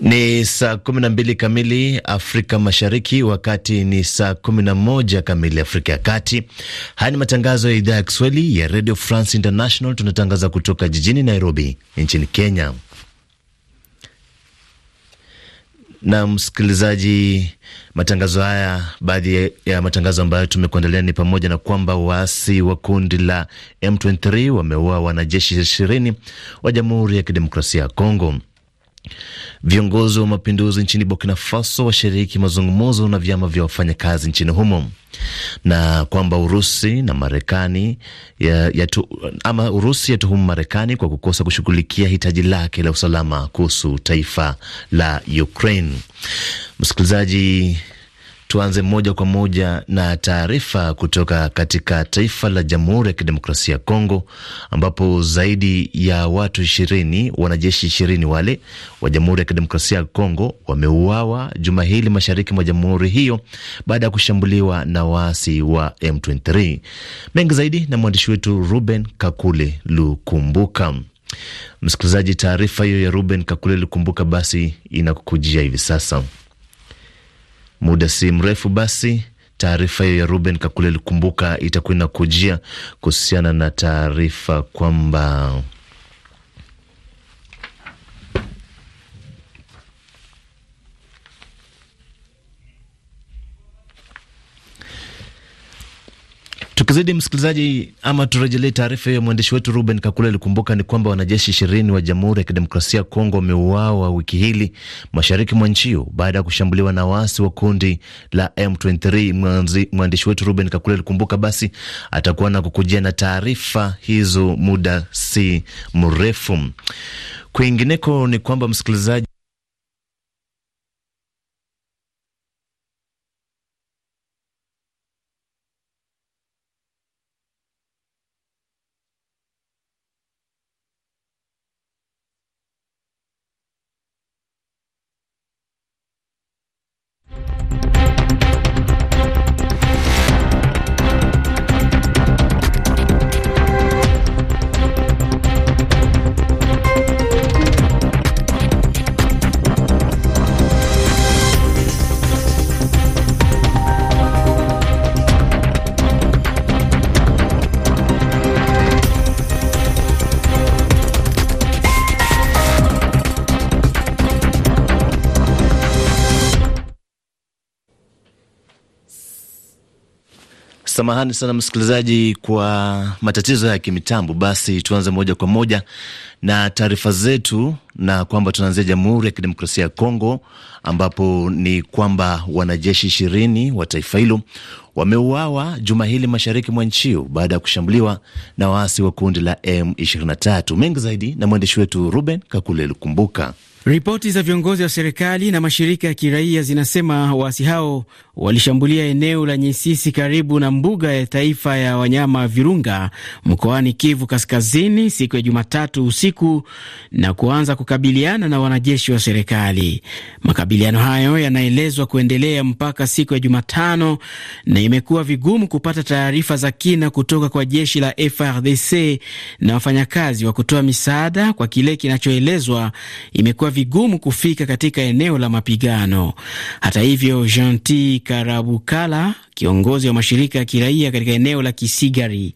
Ni saa kumi na mbili kamili Afrika Mashariki, wakati ni saa kumi na moja kamili Afrika ya Kati. Haya ni matangazo ya idhaa ya Kiswahili ya Radio France International. Tunatangaza kutoka jijini Nairobi nchini Kenya. Na msikilizaji, matangazo haya, baadhi ya matangazo ambayo tumekuandalia ni pamoja na kwamba waasi wa kundi la M23 wameua wanajeshi ishirini wa Jamhuri ya Kidemokrasia ya Kongo. Viongozi wa mapinduzi nchini Burkina Faso washiriki mazungumzo na vyama vya wafanyakazi nchini humo, na kwamba Urusi na Marekani ya, ya tu, ama Urusi yatuhumu Marekani kwa kukosa kushughulikia hitaji lake la usalama kuhusu taifa la Ukraine. Msikilizaji Tuanze moja kwa moja na taarifa kutoka katika taifa la Jamhuri ya Kidemokrasia ya Kongo, ambapo zaidi ya watu ishirini, wanajeshi ishirini wale wa Jamhuri ya Kidemokrasia ya Kongo wameuawa juma hili mashariki mwa jamhuri hiyo baada ya kushambuliwa na waasi wa M23. Mengi zaidi na mwandishi wetu Ruben Kakule Lukumbuka. Msikilizaji, taarifa hiyo ya Ruben Kakule Lukumbuka basi inakukujia hivi sasa muda si mrefu basi taarifa hiyo ya Ruben Kakule likumbuka itakuwa inakujia kuhusiana na taarifa kwamba Zaidi msikilizaji, ama turejelee taarifa hiyo mwandishi wetu Ruben Kakule alikumbuka ni kwamba wanajeshi ishirini wa Jamhuri ya Kidemokrasia ya Kongo wameuawa wiki hili mashariki mwa nchi hiyo baada ya kushambuliwa na waasi wa kundi la M23. Mwandishi wetu Ruben Kakule alikumbuka, basi atakuwa na kukujia na taarifa hizo muda si mrefu. Kwingineko ni kwamba msikilizaji Samahani sana msikilizaji kwa matatizo ya kimitambo. Basi tuanze moja kwa moja na taarifa zetu, na kwamba tunaanzia Jamhuri ya Kidemokrasia ya Kongo, ambapo ni kwamba wanajeshi ishirini wa taifa hilo wameuawa juma hili mashariki mwa nchi hiyo baada ya kushambuliwa na waasi wa kundi la M23. Mengi zaidi na mwandishi wetu Ruben Kakule Lukumbuka. Ripoti za viongozi wa serikali na mashirika ya kiraia zinasema waasi hao walishambulia eneo la Nyesisi karibu na mbuga ya taifa ya wanyama Virunga mkoani Kivu Kaskazini siku ya Jumatatu usiku na kuanza kukabiliana na wanajeshi wa serikali. Makabiliano hayo yanaelezwa kuendelea mpaka siku ya Jumatano na imekuwa vigumu kupata taarifa za kina kutoka kwa jeshi la FRDC na wafanyakazi wa kutoa misaada kwa kile kinachoelezwa imekuwa ilikuwa vigumu kufika katika eneo la mapigano. Hata hivyo, Janti Karabukala, kiongozi wa mashirika ya kiraia katika eneo la Kisigari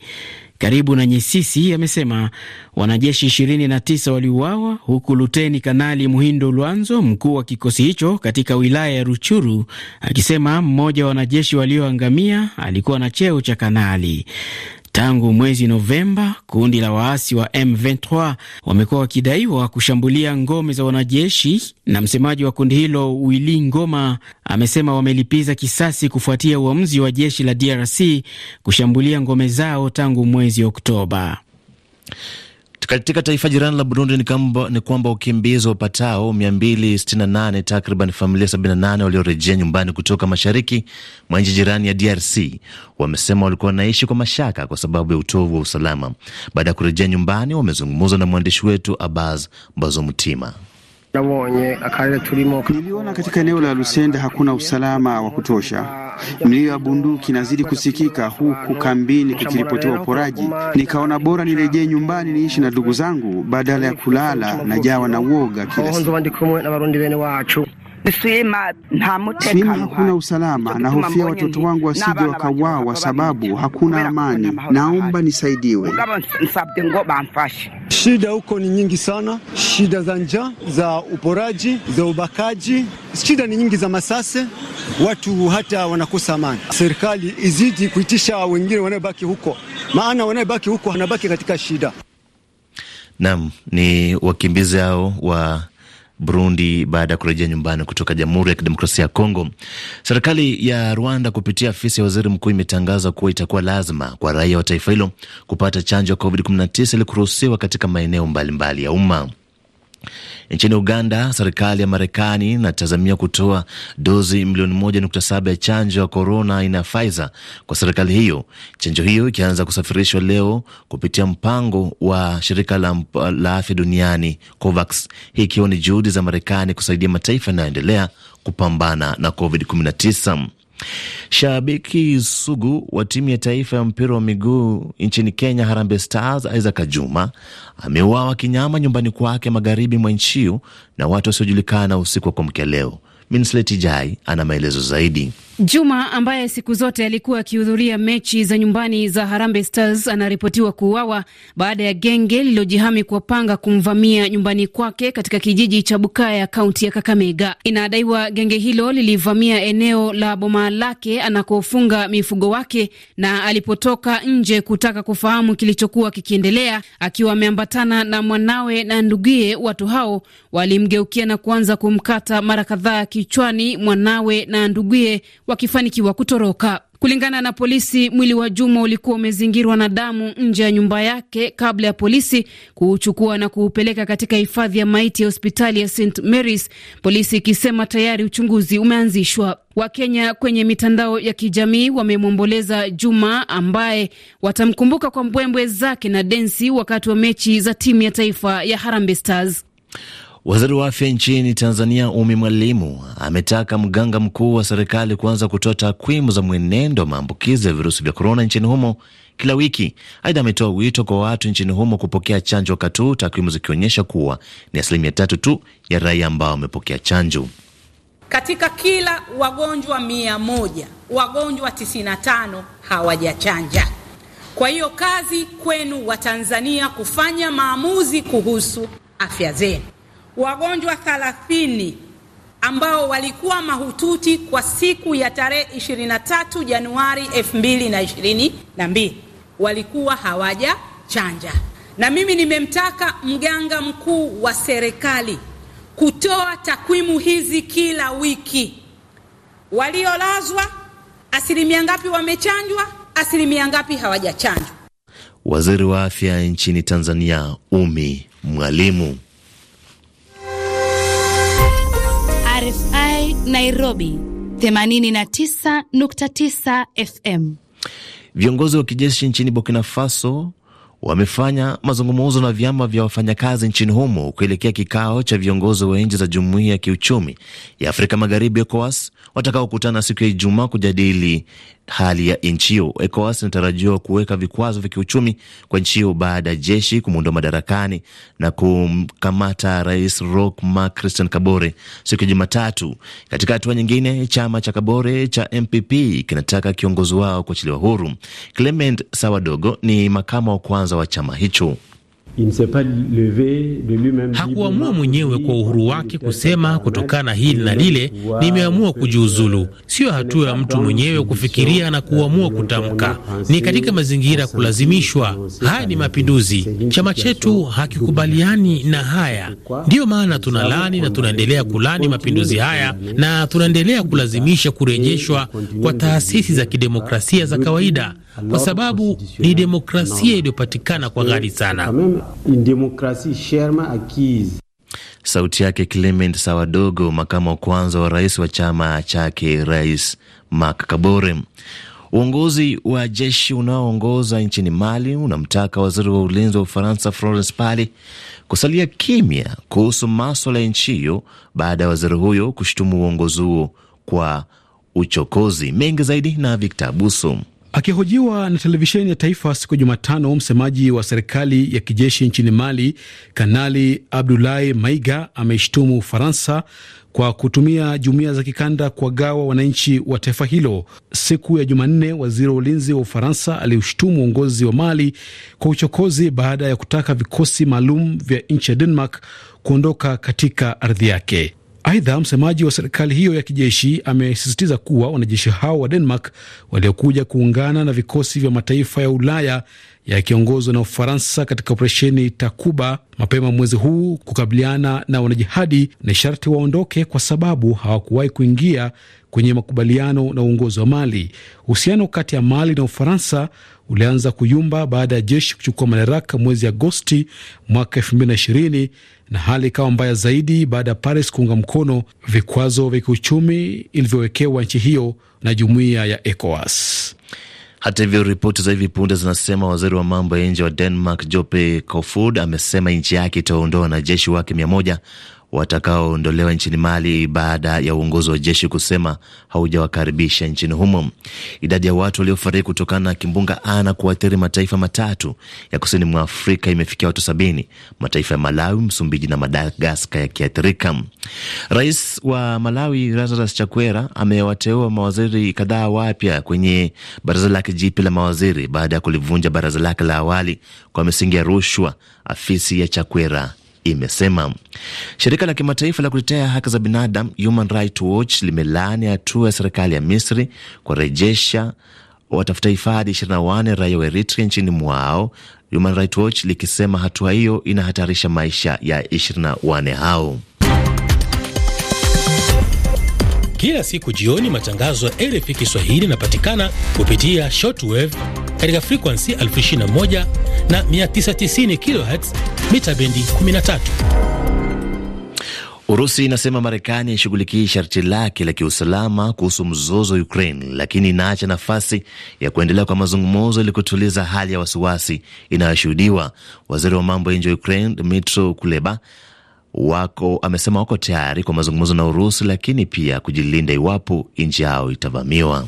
karibu na Nyesisi amesema wanajeshi 29 waliuawa, huku luteni kanali Muhindo Lwanzo, mkuu wa kikosi hicho katika wilaya ya Ruchuru, akisema mmoja wa wanajeshi walioangamia alikuwa na cheo cha kanali. Tangu mwezi Novemba, kundi la waasi wa M23 wamekuwa wakidaiwa kushambulia ngome za wanajeshi, na msemaji wa kundi hilo Willy Ngoma amesema wamelipiza kisasi kufuatia uamuzi wa jeshi la DRC kushambulia ngome zao tangu mwezi Oktoba. Katika taifa jirani la Burundi ni, kamba, ni kwamba wakimbizi wapatao 268 takriban familia 78 waliorejea nyumbani kutoka mashariki mwa nchi jirani ya DRC wamesema walikuwa wanaishi kwa mashaka kwa sababu ya utovu wa usalama. Baada ya kurejea nyumbani, wamezungumza na mwandishi wetu Abaz Bazomtima. Niliona katika eneo la Lusenda hakuna usalama wa kutosha. Mlio wa bunduki nazidi kusikika huku kambini kukiripotiwa uporaji. Nikaona bora nirejee nyumbani niishi na ndugu zangu badala ya kulala na jawa na uoga kila Sima hakuna usalama na hofia watoto wangu wasije wakauawa, sababu hakuna amani. Naomba nisaidiwe. Shida huko ni nyingi sana, shida za njaa, za uporaji, za ubakaji, shida ni nyingi za masase, watu hata wanakosa amani. Serikali izidi kuitisha wengine wanaobaki huko, maana wanaobaki huko wanabaki katika shida. Naam, ni wakimbizi hao wa Burundi baada ya kurejea nyumbani kutoka Jamhuri ya Kidemokrasia ya Kongo. Serikali ya Rwanda kupitia afisi ya waziri mkuu imetangaza kuwa itakuwa lazima kwa raia wa taifa hilo kupata chanjo ya COVID-19 ili kuruhusiwa katika maeneo mbalimbali ya umma. Nchini Uganda, serikali ya Marekani inatazamia kutoa dozi milioni 1.7 ya chanjo ya korona aina ya Pfizer kwa serikali hiyo, chanjo hiyo ikianza kusafirishwa leo kupitia mpango wa shirika la, la afya duniani COVAX, hii ikiwa ni juhudi za Marekani kusaidia mataifa yanayoendelea kupambana na COVID-19. Shabiki sugu wa timu ya taifa ya mpira wa miguu nchini Kenya, Harambee Stars, Isaac juma ameuawa kinyama nyumbani kwake magharibi mwa nchi na watu wasiojulikana usiku wa kuamkia leo. Minslet ana maelezo zaidi. Juma ambaye siku zote alikuwa akihudhuria mechi za nyumbani za Harambee Stars anaripotiwa kuuawa baada ya genge lililojihami kwa panga kumvamia nyumbani kwake katika kijiji cha Bukaya, kaunti ya Kakamega. Inadaiwa genge hilo lilivamia eneo la boma lake anakofunga mifugo wake na alipotoka nje kutaka kufahamu kilichokuwa kikiendelea, akiwa ameambatana na mwanawe na nduguye, watu hao walimgeukia na kuanza kumkata mara kadhaa kichwani mwanawe na nduguye wakifanikiwa kutoroka. Kulingana na polisi, mwili wa Juma ulikuwa umezingirwa na damu nje ya nyumba yake kabla ya polisi kuuchukua na kuupeleka katika hifadhi ya maiti ya hospitali ya St Mary's, polisi ikisema tayari uchunguzi umeanzishwa. Wakenya kwenye mitandao ya kijamii wamemwomboleza Juma ambaye watamkumbuka kwa mbwembwe zake na densi wakati wa mechi za timu ya taifa ya Harambee Stars. Waziri wa afya nchini Tanzania Umi Mwalimu ametaka mganga mkuu wa serikali kuanza kutoa takwimu za mwenendo wa maambukizi ya virusi vya korona nchini humo kila wiki. Aidha, ametoa wito kwa watu nchini humo kupokea chanjo, wakati huu takwimu zikionyesha kuwa ni asilimia tatu tu ya raia ambao wamepokea chanjo. Katika kila wagonjwa mia moja wagonjwa 95 hawajachanja. Kwa hiyo kazi kwenu Watanzania kufanya maamuzi kuhusu afya zenu wagonjwa 30 ambao walikuwa mahututi kwa siku ya tarehe 23 Januari 2022 walikuwa hawajachanja, na mimi nimemtaka mganga mkuu wa serikali kutoa takwimu hizi kila wiki. Waliolazwa asilimia ngapi wamechanjwa, asilimia ngapi hawajachanjwa? Waziri wa afya nchini Tanzania Umi Mwalimu Nairobi 89.9 FM. Viongozi wa kijeshi nchini Burkina Faso wamefanya mazungumzo na vyama vya wafanyakazi nchini humo kuelekea kikao cha viongozi wa nchi za jumuiya ya kiuchumi ya Afrika Magharibi ECOWAS watakaokutana siku ya Ijumaa kujadili hali ya nchi hiyo. ECOWAS inatarajiwa kuweka vikwazo vya kiuchumi kwa nchi hiyo baada ya jeshi kumuondoa madarakani na kumkamata rais Roch Marc Christian Kabore siku ya Jumatatu. Katika hatua nyingine, chama cha Kabore cha MPP kinataka kiongozi wao kuachiliwa huru. Clement Sawadogo ni makama wa kwanza wa chama hicho. Hakuamua mwenyewe kwa uhuru wake kusema kutokana hili na lile, nimeamua kujiuzulu. Siyo hatua ya mtu mwenyewe kufikiria na kuamua kutamka, ni katika mazingira kulazimishwa. Haya ni mapinduzi. Chama chetu hakikubaliani na haya, ndiyo maana tunalani na tunaendelea kulani mapinduzi haya na tunaendelea kulazimisha kurejeshwa kwa taasisi za kidemokrasia za kawaida, kwa sababu ni demokrasia iliyopatikana kwa ghali sana une démocratie chèrement acquise. Sauti yake Clement Sawadogo, makamu wa kwanza wa rais wa chama chake Rais Mak Kabore. Uongozi wa jeshi unaoongoza nchini Mali unamtaka waziri wa ulinzi wa Ufaransa Florence Parly kusalia kimya kuhusu maswala ya nchi hiyo baada ya waziri huyo kushutumu uongozi huo kwa uchokozi. Mengi zaidi na Victor Abuso. Akihojiwa na televisheni ya taifa siku ya Jumatano, msemaji wa serikali ya kijeshi nchini Mali, Kanali Abdulahi Maiga ameishtumu Ufaransa kwa kutumia jumuiya za kikanda kuwagawa wananchi wa taifa hilo. Siku ya Jumanne, waziri wa ulinzi wa Ufaransa aliushtumu uongozi wa Mali kwa uchokozi baada ya kutaka vikosi maalum vya nchi ya Denmark kuondoka katika ardhi yake. Aidha, msemaji wa serikali hiyo ya kijeshi amesisitiza kuwa wanajeshi hao wa Denmark waliokuja kuungana na vikosi vya mataifa ya Ulaya yakiongozwa na Ufaransa katika operesheni Takuba mapema mwezi huu kukabiliana na wanajihadi, ni sharti waondoke kwa sababu hawakuwahi kuingia kwenye makubaliano na uongozi wa Mali. Uhusiano kati ya Mali na Ufaransa ulianza kuyumba baada ya jeshi kuchukua madaraka mwezi Agosti mwaka 2020 na hali ikawa mbaya zaidi baada ya Paris kuunga mkono vikwazo vya kiuchumi ilivyowekewa nchi hiyo na jumuiya ya ECOWAS. Hata hivyo ripoti za hivi punde zinasema waziri wa mambo ya nje wa Denmark Jope Kofod amesema nchi yake itaondoa wanajeshi wake mia moja watakaoondolewa nchini Mali baada ya uongozi wa jeshi kusema haujawakaribisha nchini humo. Idadi ya watu waliofariki kutokana na kimbunga Ana kuathiri mataifa matatu ya kusini mwa Afrika imefikia watu sabini, mataifa ya Malawi, Msumbiji na Madagaskar yakiathirika. Rais wa Malawi Lazarus Chakwera amewateua mawaziri kadhaa wapya kwenye baraza lake jipya la mawaziri baada ya kulivunja baraza lake la awali kwa misingi ya rushwa. Afisi ya Chakwera imesema. Shirika la kimataifa la kutetea haki za binadamu Human Rights Watch limelaani hatua ya serikali ya Misri kurejesha watafuta hifadhi 24 raia wa Eritrea nchini mwao, Human Rights Watch likisema hatua hiyo inahatarisha maisha ya 24 hao. Kila siku jioni, matangazo ya RFI Kiswahili yanapatikana kupitia shortwave katika frequency 21 na 990 kHz mita bendi 13. Urusi inasema Marekani haishughulikii sharti lake la kiusalama kuhusu mzozo wa Ukraine, lakini inaacha nafasi ya kuendelea kwa mazungumzo ili kutuliza hali ya wasiwasi inayoshuhudiwa. Waziri wa mambo ya nje wa Ukraine Dmytro Kuleba wako amesema wako tayari kwa mazungumzo na Urusi, lakini pia kujilinda iwapo nchi yao itavamiwa.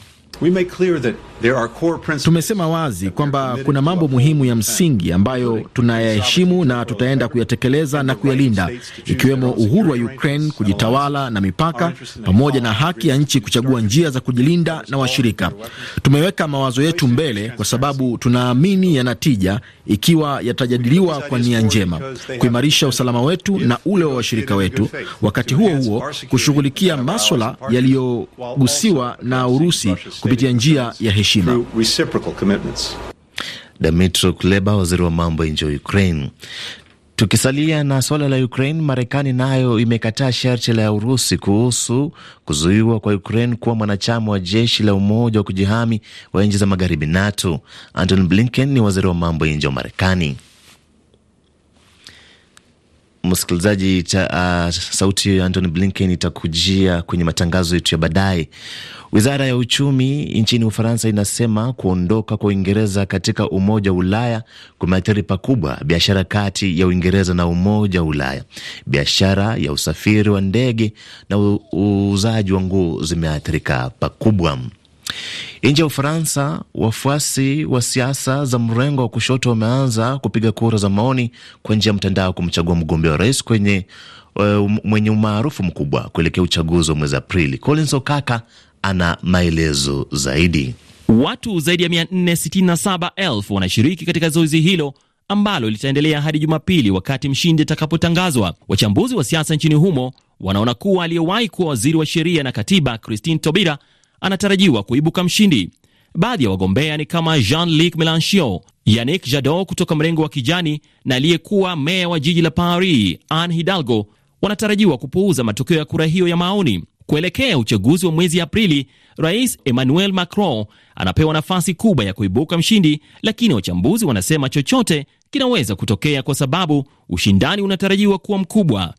Tumesema wazi kwamba kuna mambo muhimu ya msingi ambayo tunayaheshimu na tutaenda kuyatekeleza na kuyalinda, ikiwemo uhuru wa Ukraine kujitawala na mipaka, pamoja na haki ya nchi kuchagua njia za kujilinda na washirika. Tumeweka mawazo yetu mbele kwa sababu tunaamini yanatija ikiwa yatajadiliwa kwa nia njema, kuimarisha usalama wetu na ule wa washirika wetu, wakati huo huo kushughulikia maswala yaliyogusiwa na Urusi kupitia njia ya heshima. Dmytro Kuleba, waziri wa mambo ya nje wa Ukraine. Tukisalia na suala la Ukraine, Marekani nayo imekataa sharti la Urusi kuhusu kuzuiwa kwa Ukraine kuwa mwanachama wa jeshi la umoja wa kujihami wa nchi za magharibi NATO. Antony Blinken ni waziri wa mambo ya nje wa Marekani msikilizaji cha, uh, sauti ya Antony Blinken itakujia kwenye matangazo yetu ya baadaye. Wizara ya uchumi nchini Ufaransa inasema kuondoka kwa Uingereza katika Umoja wa Ulaya kumeathiri pakubwa biashara kati ya Uingereza na Umoja wa Ulaya. Biashara ya usafiri wa ndege na uuzaji wa nguo zimeathirika pakubwa. Nje ya Ufaransa, wafuasi wa siasa za mrengo wa kushoto wameanza kupiga kura za maoni kwa njia ya mtandao kumchagua mgombea wa rais kwenye eh, mwenye umaarufu mkubwa kuelekea uchaguzi wa mwezi Aprili. Collins Okaka ana maelezo zaidi. Watu zaidi ya 467,000 wanashiriki katika zoezi hilo ambalo litaendelea hadi Jumapili wakati mshindi atakapotangazwa. Wachambuzi wa siasa nchini humo wanaona kuwa aliyewahi kuwa waziri wa sheria na katiba Christine Tobira anatarajiwa kuibuka mshindi. Baadhi ya wagombea ni kama Jean-Luc Melenchon, Yannick Jadot kutoka mrengo wa kijani na aliyekuwa meya wa jiji la Paris Anne Hidalgo wanatarajiwa kupuuza matokeo ya kura hiyo ya maoni. Kuelekea uchaguzi wa mwezi Aprili, Rais Emmanuel Macron anapewa nafasi kubwa ya kuibuka mshindi, lakini wachambuzi wanasema chochote kinaweza kutokea kwa sababu ushindani unatarajiwa kuwa mkubwa.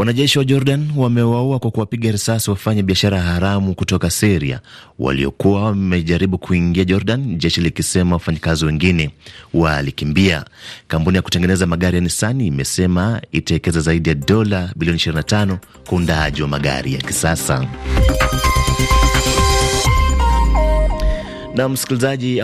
Wanajeshi wa Jordan wamewaua kwa kuwapiga risasi wafanya biashara haramu kutoka Siria waliokuwa wamejaribu kuingia Jordan, jeshi likisema wafanyakazi wengine walikimbia. Kampuni ya kutengeneza magari ya Nisani imesema itawekeza zaidi ya dola bilioni 25 kwa undaaji wa magari ya kisasa na msikilizaji